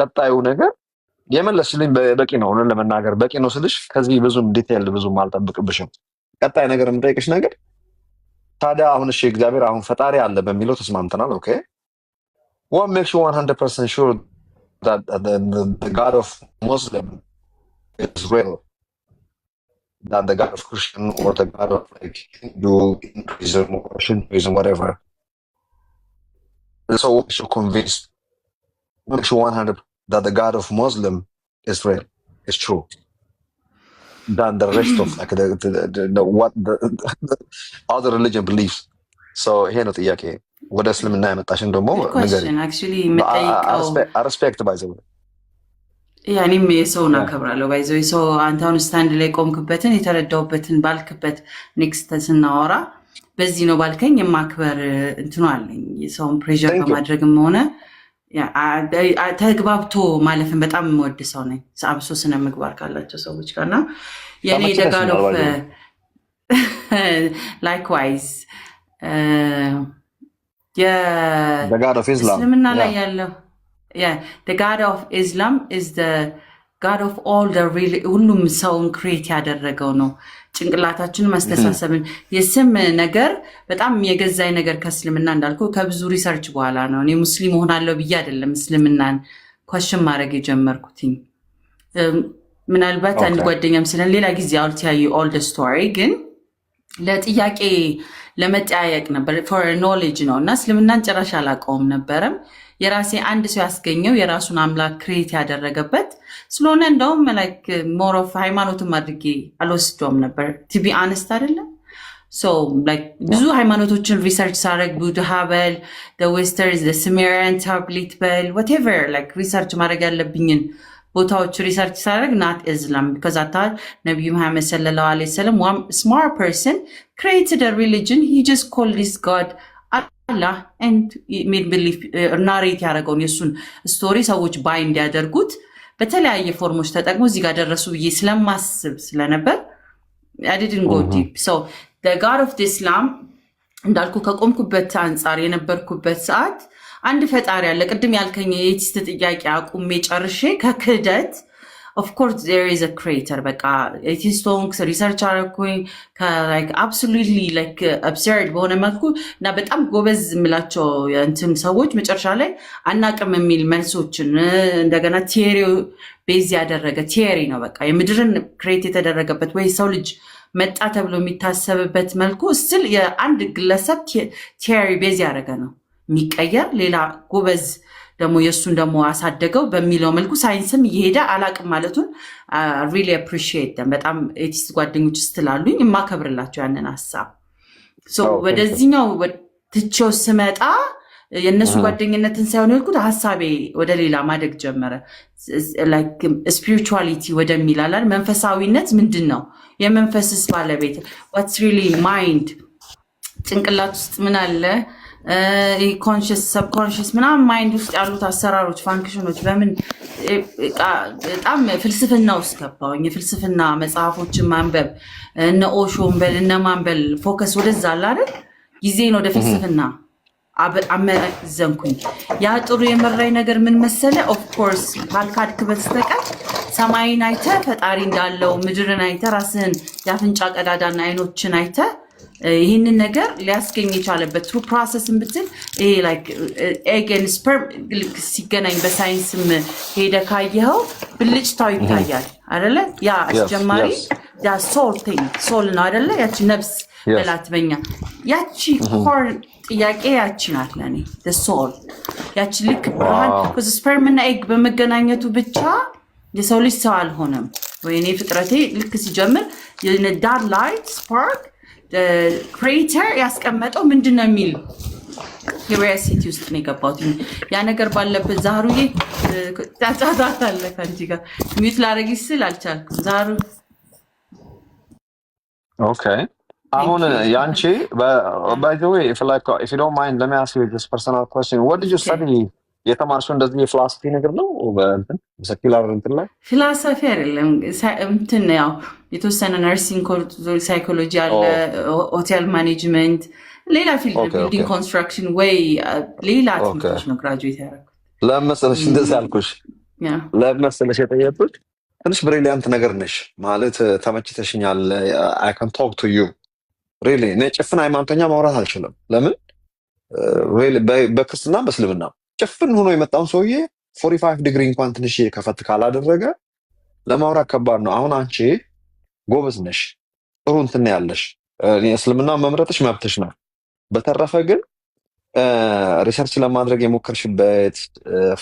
ቀጣዩ ነገር የመለስልኝ በቂ ነው ለመናገር በቂ ነው ስልሽ ከዚህ ብዙም ዲቴይል ብዙም አልጠብቅብሽም። ቀጣይ ነገር የምጠይቅሽ ነገር ታዲያ አሁን እሺ እግዚአብሔር አሁን ፈጣሪ አለ በሚለው ተስማምተናል። ኦኬ ዋት ሜክስ ዩ ዋን ሀንድረድ ፐርሰንት ሹር ጋድ ኦፍ ሙስሊም ኢዝ ሪል that the God of Muslim is real, is true, than the rest of like the, the, the, the what the, the other religion believes. So here ነው ጥያቄ ወደ እስልምና ያመጣሽን ደግሞ አረስፔክት ባይዘው ያ እኔም የሰውን አከብራለሁ ባይዘው ሰው አንተ አሁን ስታንድ ላይ ቆምክበትን የተረዳውበትን ባልክበት ኔክስት ስናወራ በዚህ ነው ባልከኝ የማክበር እንትኑ አለኝ ሰውን ፕሬር በማድረግም ሆነ ተግባብቶ ማለፍን በጣም የምወድ ሰው ነኝ። አብሶ ስነ ምግባር ካላቸው ሰዎች ጋር እና የኔ ደጋሎፍ ላይክዋይዝ እስልምና ላይ ያለው ጋድ ኦፍ ኢስላም ሁሉም ሰውን ክሬት ያደረገው ነው። ጭንቅላታችን ማስተሳሰብን የስም ነገር በጣም የገዛኝ ነገር ከእስልምና እንዳልኩ ከብዙ ሪሰርች በኋላ ነው። እኔ ሙስሊም እሆናለሁ ብዬ አይደለም እስልምናን ኳሽን ማድረግ የጀመርኩትኝ። ምናልባት አንድ ጓደኛም ስለን ሌላ ጊዜ አልቲያዩ ኦልድ ስቶሪ ግን ለጥያቄ ለመጠያየቅ ነበር ፎር ኖሌጅ ነው እና እስልምናን ጭራሽ አላውቀውም ነበረም። የራሴ አንድ ሰው ያስገኘው የራሱን አምላክ ክሬት ያደረገበት ስለሆነ እንደውም ላይክ ሞሮፍ ሃይማኖትም አድርጌ አልወስደውም ነበር። ቲቢ አነስት አይደለም ብዙ ሃይማኖቶችን ሪሰርች ሳደርግ ቡድሃ በል ዌስተርዝ ስሜሪያን ታብሊት በል ወቴቨር ሪሰርች ማድረግ ያለብኝን ቦታዎች ሪሰርች ሳደርግ ናት ኢስላም ቢካዝ አታል ነቢዩ መሐመድ ሰለላሁ ዐለይሂ ወሰለም ስማርት ፐርሰን ክሬትድ ሪሊጅን ሂ ጀስት ኮልድ ዲስ ጋድ አላህ ሜድ ብሊፍ ናሬት ያደረገውን የእሱን ስቶሪ ሰዎች ባይ እንዲያደርጉት በተለያየ ፎርሞች ተጠቅሞ እዚህ ጋር ደረሱ ብዬ ስለማስብ ስለነበር አድድን ጎዲ ጋድ ኦፍ ኢስላም እንዳልኩ ከቆምኩበት አንጻር የነበርኩበት ሰዓት አንድ ፈጣሪ አለ። ቅድም ያልከኝ የቲስት ጥያቄ አቁሜ ጨርሼ ከክህደት ኦፍኮርስ ዜር ኢዝ አ ክሬተር በቃ ቲስቶንክስ ሪሰርች አረኩኝ አብሶሉትሊ ላይክ አብሰርድ በሆነ መልኩ እና በጣም ጎበዝ የምላቸው እንትን ሰዎች መጨረሻ ላይ አናቅም የሚል መልሶችን uh, እንደገና ቲዮሪ ቤዝ ያደረገ ቲዮሪ ነው በቃ የምድርን ክሬት የተደረገበት ወይ ሰው ልጅ መጣ ተብሎ የሚታሰብበት መልኩ ስል የአንድ ግለሰብ ቲዮሪ ቤዝ ያደረገ ነው የሚቀየር ሌላ ጎበዝ ደግሞ የእሱን ደግሞ አሳደገው በሚለው መልኩ ሳይንስም እየሄደ አላቅም ማለቱን ሪሊ አፕሪሺየት በጣም ኤቲስት ጓደኞች ስትላሉኝ የማከብርላቸው ያንን ሀሳብ oh, ወደዚህኛው ትቼው ስመጣ የእነሱ ጓደኝነትን ሳይሆን ያልኩት ሀሳቤ ወደ ሌላ ማደግ ጀመረ። ስፒሪቹዋሊቲ um, ወደሚላላል መንፈሳዊነት ምንድን ነው? የመንፈስስ ባለቤት ዋትስ ሪሊ ማይንድ ጭንቅላት ውስጥ ምን አለ ኮንሽስ ሰብኮንሽስ ምናምን ማይንድ ውስጥ ያሉት አሰራሮች፣ ፋንክሽኖች በምን በጣም ፍልስፍና ውስጥ ገባሁኝ። የፍልስፍና መጽሐፎችን ማንበብ እነ ኦሾን በል እነ ማንበል ፎከስ ወደዛ አይደል? ጊዜን ወደ ፍልስፍና አመዘንኩኝ። ያ ጥሩ የመራኝ ነገር ምን መሰለ? ኦፍኮርስ ካልካድክ በስተቀር ሰማይን አይተ ፈጣሪ እንዳለው ምድርን አይተ ራስህን የአፍንጫ ቀዳዳና አይኖችን አይተ ይህንን ነገር ሊያስገኝ የቻለበት ቱ ፕሮሰስን ብትል ኤግን ስፐርም ሲገናኝ በሳይንስም ሄደ ካየኸው ብልጭታው ይታያል አደለ? ያ አስጀማሪ ያ ሶል ሶል ነው አደለ? ያቺ ነብስ በላት በኛ ያቺ ኮር mm-hmm. ጥያቄ ያቺ ናት ለእኔ ሶል ያቺ ልክ ብርሃን ስፐርም እና ኤግ በመገናኘቱ ብቻ የሰው ልጅ ሰው አልሆነም። ወይኔ ፍጥረቴ ልክ ሲጀምር ዳር ላይት ስፓርክ ክሬተር ያስቀመጠው ምንድን ነው የሚል ሪሲቲ ውስጥ ነው የገባሁት። ያ ነገር ባለበት ዛሩዬ ጫጫታት አለ ከአንቺ ጋር ሚዩት ላረጊ ስል አልቻልኩም። ዛሩ ኦኬ። አሁን ያንቺ ባይ ዘ ዌይ ኢፍ ዩ ዶንት ማይንድ ሌት አስክ ዩ ጀስት ፐርሰናል ኩዌስችን ዋት ዲድ ዩ ስታዲ የተማርሽው እንደዚህ የፍላስፊ ነገር ነው በሰኪላር እንትን ላይ ፊላሶፊ አይደለም እንትን ያው የተወሰነ ነርሲንግ ሳይኮሎጂ አለ ሆቴል ማኔጅመንት ሌላ ፊልድ ቢልዲንግ ኮንስትራክሽን ወይ ሌላ ትምህርቶች ነው ግራጁዌት ያደረኩት ለመሰለሽ እንደዚህ አልኩሽ ለመሰለሽ የጠየኩት ትንሽ ብሪሊያንት ነገር ነሽ ማለት ተመችተሽኛል አይ ካን ቶክ ቱ ዩ ሪሊ እኔ ጭፍን ሃይማኖተኛ ማውራት አልችልም ለምን በክርስትና በእስልምና ጭፍን ሆኖ የመጣውን ሰውዬ ፎርቲ ፋይቭ ዲግሪ እንኳን ትንሽ ከፈት ካላደረገ ለማውራት ከባድ ነው። አሁን አንቺ ጎበዝ ነሽ፣ ጥሩ እንትን ያለሽ፣ እስልምና መምረጥሽ መብትሽ ነው። በተረፈ ግን ሪሰርች ለማድረግ የሞከርሽበት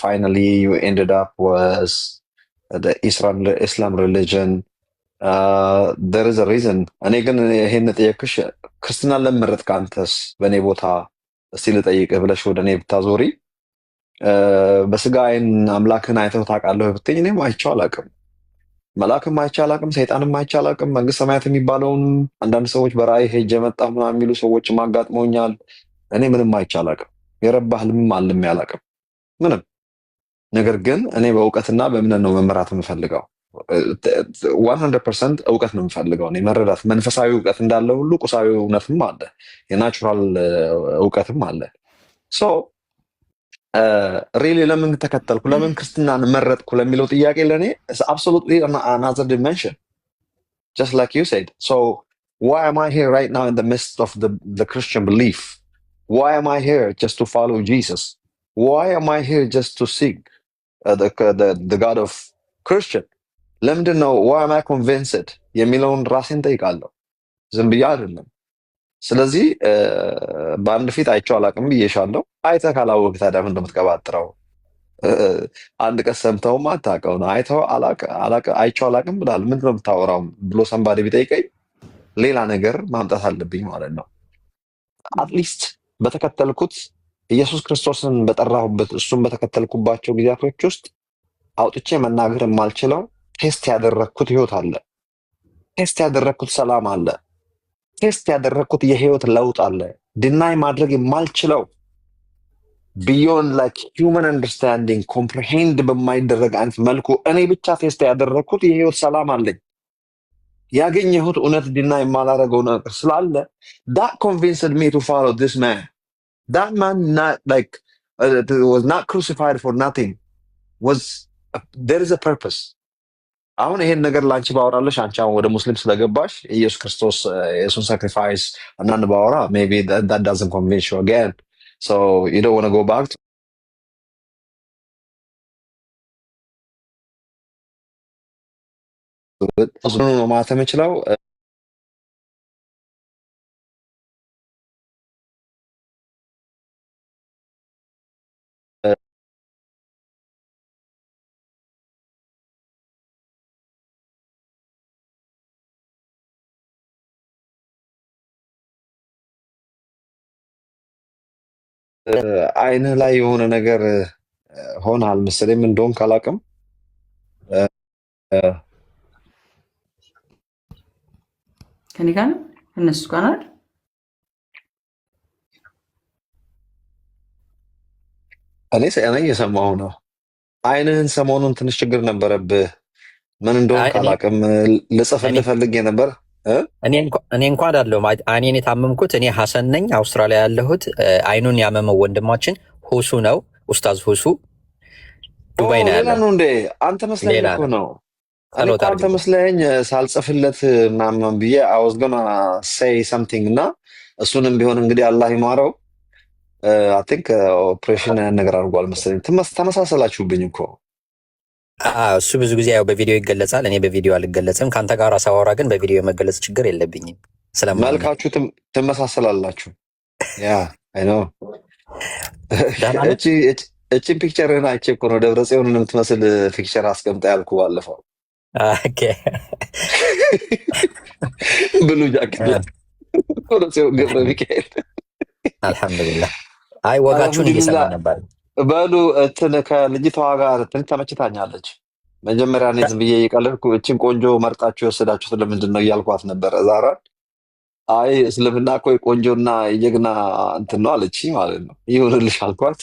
ፋይናሊ ዩ ኤንድድ አፕ ወዝ ኢስላም ሪሊጅን ደርዝ ሪዝን። እኔ ግን ይሄን ጠየቅሽ፣ ክርስትናን ለመረጥ ከአንተስ በእኔ ቦታ እስቲ ልጠይቅህ ብለሽ ወደ እኔ ብታዞሪ በስጋ አይን አምላክን አይተህ ታውቃለህ ብትኝ እኔም አይቼው አላውቅም። መልአክም አይቼ አላውቅም፣ ሰይጣንም አይቼ አላውቅም። መንግስት ሰማያት የሚባለውን አንዳንድ ሰዎች በራእይ ሄጄ መጣ ምናምን የሚሉ ሰዎች አጋጥመውኛል። እኔ ምንም አይቼ አላውቅም። የረባ ህልምም አልሜ አላውቅም ምንም። ነገር ግን እኔ በእውቀትና በእምነት ነው መመራት የምፈልገው። ዋን ፐርሰንት እውቀት ነው የምፈልገው መረዳት። መንፈሳዊ እውቀት እንዳለ ሁሉ ቁሳዊ እውነትም አለ፣ የናቹራል እውቀትም አለ። ሪሊ ለምን ተከተልኩ፣ ለምን ክርስትናን መረጥኩ ለሚለው ጥያቄ ለእኔ አብሶሉትሊ አናዘር ዲመንሽን ጀስት ላይክ ዩ ሴድ ሶ ዋይ አም አይ ሄር ራይት ናው ኢን ዘ ሚድስት ኦፍ ዘ ክርስቲያን ቢሊፍ ዋይ አም አይ ሄር ጀስት ቱ ፎሎ ጂሰስ ዋይ አም አይ ሄር ጀስት ቱ ሲክ ዘ ጋድ ኦፍ ክርስቲያን ለምንድን ነው ዋይ አም አይ ኮንቪንስድ የሚለውን ራሴን ጠይቃለሁ። ዝም ብዬ አይደለም። ስለዚህ በአንድ ፊት አይቼው አላቅም ብዬሻለው። አይተህ ካላወቅህ ታዲያ ምን እንደምትቀባጥረው? አንድ ቀን ሰምተውማ ነው። አይተው አይቼው አላቅም ብላል ምንድን ነው የምታወራው ብሎ ሰንባዴ ቢጠይቀኝ ሌላ ነገር ማምጣት አለብኝ ማለት ነው። አትሊስት በተከተልኩት ኢየሱስ ክርስቶስን በጠራሁበት እሱን በተከተልኩባቸው ጊዜያቶች ውስጥ አውጥቼ መናገር የማልችለው ቴስት ያደረግኩት ህይወት አለ። ቴስት ያደረግኩት ሰላም አለ። ቴስት ያደረግኩት የህይወት ለውጥ አለ። ድናይ ማድረግ የማልችለው ቢዮንድ ላይክ ሂውመን አንደርስታንዲንግ ኮምፕሬሄንድ በማይደረግ አይነት መልኩ እኔ ብቻ ቴስት ያደረግኩት የህይወት ሰላም አለኝ። ያገኘሁት እውነት ድናይ የማላረገው ነገር ስላለ ዳ ኮንቪንስድ ሚ ቱ ፎሎ ዲስ ማን ዳ ማን was not crucified for nothing was አሁን ይሄን ነገር ለአንቺ ባወራለሽ አንቺ አሁን ወደ ሙስሊም ስለገባሽ ኢየሱስ ክርስቶስ uh, የሱን ሳክሪፋይስ እናን ባወራ ሜይ ቢ ዳት ዳዝን ኮንቪንስ ዩ አጋን ሶ ዩ ዶንት ዋና ጎ ባክ ማተም ይችላው አይንህ ላይ የሆነ ነገር ሆናል መሰለኝ። ምን እንደሆንክ ከኔ ጋር እነሱ ጋር እኔ የሰማው እየሰማሁ ነው። አይንህን ሰሞኑን ትንሽ ችግር ነበረብህ። ምን እንደሆንክ አላውቅም። ልጽፍልህ ፈልጌ ነበር እኔ እንኳን አለሁ እኔን የታመምኩት እኔ ሀሰን ነኝ። አውስትራሊያ ያለሁት አይኑን ያመመው ወንድማችን ሁሱ ነው። ኡስታዝ ሁሱ ዱባይ ነው ያለ ነው እንዴ? አንተ መስለኝ እኮ ነው አንተ መስለኝ ሳልጽፍለት ምናምን ብዬ አወዝገና ሴይ ሰምቲንግ እና እሱንም ቢሆን እንግዲህ አላህ ይማረው። አይ ቲንክ ኦፕሬሽን ነገር አድርጓል መሰለኝ። ተመሳሰላችሁብኝ እኮ እሱ ብዙ ጊዜ ያው በቪዲዮ ይገለጻል። እኔ በቪዲዮ አልገለጽም። ከአንተ ጋር ሳወራ ግን በቪዲዮ የመገለጽ ችግር የለብኝም። ስለመልካችሁ ትመሳሰላላችሁ። ያ እችን ፒክቸርህን አይቼ እኮ ነው ደብረ የምትመስል ፒክቸር አስቀምጣ ያልኩ ባለፈው ብሉ ጃክላት ደብረ ሚካኤል። አልሐምዱሊላህ። አይ ወጋችሁን እየሰማ ነበር በሉ እንትን ከልጅቷ ጋር እንትን ተመችታኛለች። መጀመሪያ እኔ ዝም ብዬ እየቀለድኩ እችን ቆንጆ መርጣችሁ የወሰዳችሁት ለምንድን ነው እያልኳት ነበረ። ዛራን አይ እስልምና እኮ የቆንጆና የጀግና እንትን ነው አለች ማለት ነው። ይሁንልሽ አልኳት።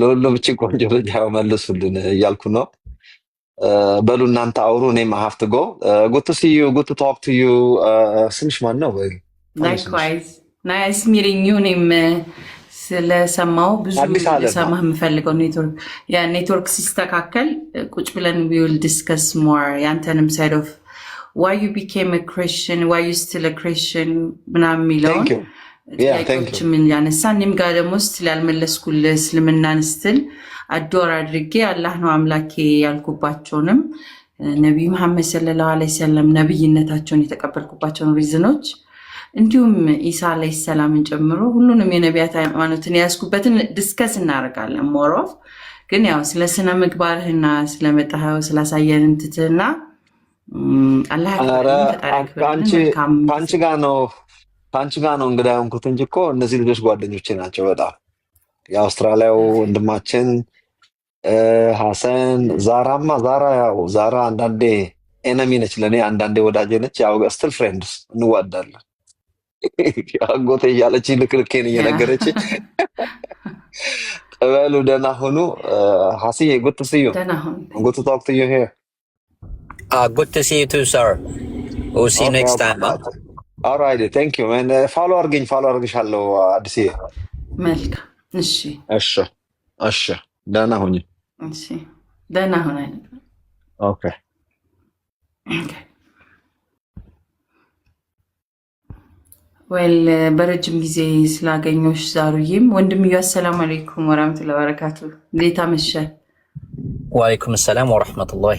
ለሁሉም እችን ቆንጆ ልጅ መልሱልን እያልኩ ነው። በሉ እናንተ አውሩ፣ እኔም ሀፍት ጎ ጉቱ ስዩ ጉቱ ቶክ ትዩ ስምሽ ማን ነው? ወይ ናይስ ሚሪኝ ዩኔም ስለሰማው ብዙ ሰማህ የምፈልገው ኔትወርክ ኔትወርክ ሲስተካከል ቁጭ ብለን ዊል ዲስከስ ሞር ያንተንም ሳይድ ኦፍ ዋይ ዩ ቢኬም ክሪስችን ዋይ ዩ ስትል ክሪስቲን ምናምን የሚለውን ጥያቄዎች ምን ያነሳ እኔም ጋር ደግሞ ስትል ያልመለስኩልህ እስልምናን ስትል አዶር አድርጌ አላህ ነው አምላኬ ያልኩባቸውንም ነቢዩ መሐመድ ሰለላሁ ዐለይሂ ወሰለም ነብይነታቸውን የተቀበልኩባቸውን ሪዝኖች እንዲሁም ኢሳ አለይሂ ሰላምን ጨምሮ ሁሉንም የነቢያት ሃይማኖትን የያዝኩበትን ድስከስ እናደርጋለን። ሞሮፍ ግን ያው ስለ ስነ ምግባርህና ስለመጣኸው ስላሳየን ትትና አላከአንቺ ጋ ነው ከአንቺ ጋ ነው እንግዳ የሆንኩት እንጂ እኮ እነዚህ ልጆች ጓደኞቼ ናቸው። በጣም የአውስትራሊያው ወንድማችን ሀሰን ዛራማ ዛራ ያው ዛራ አንዳንዴ ኤነሚ ነች ለእኔ አንዳንዴ ወዳጄ ነች። ያው ስትል ፍሬንድስ እንዋዳለን አጎቴ እያለች ልክልኬን እየነገረች ጥበሉ ደህና ሁኑ። ሀስዬ ጉድ ስዩ ሲ ዩ ጉድ ቱ ቶክ ሲ ቱ ሰር ሲ ኔክስት ታይም ኦልራይት ቴንክ ዩ ማን ፋሎ አርግኝ ፋሎ አርግሻለሁ አዲስ መልካም እሺ እሺ እሺ ደህና ሁኝ እሺ ደህና ሁን ኦኬ ኦኬ ወል በረጅም ጊዜ ስላገኘሁሽ ዛሩዬም ወንድምዬ አሰላሙ አለይኩም ወራህመቱላሂ ወበረካቱ። እንዴት አመሸህ? ወአለይኩም ሰላም ወራህመቱላሂ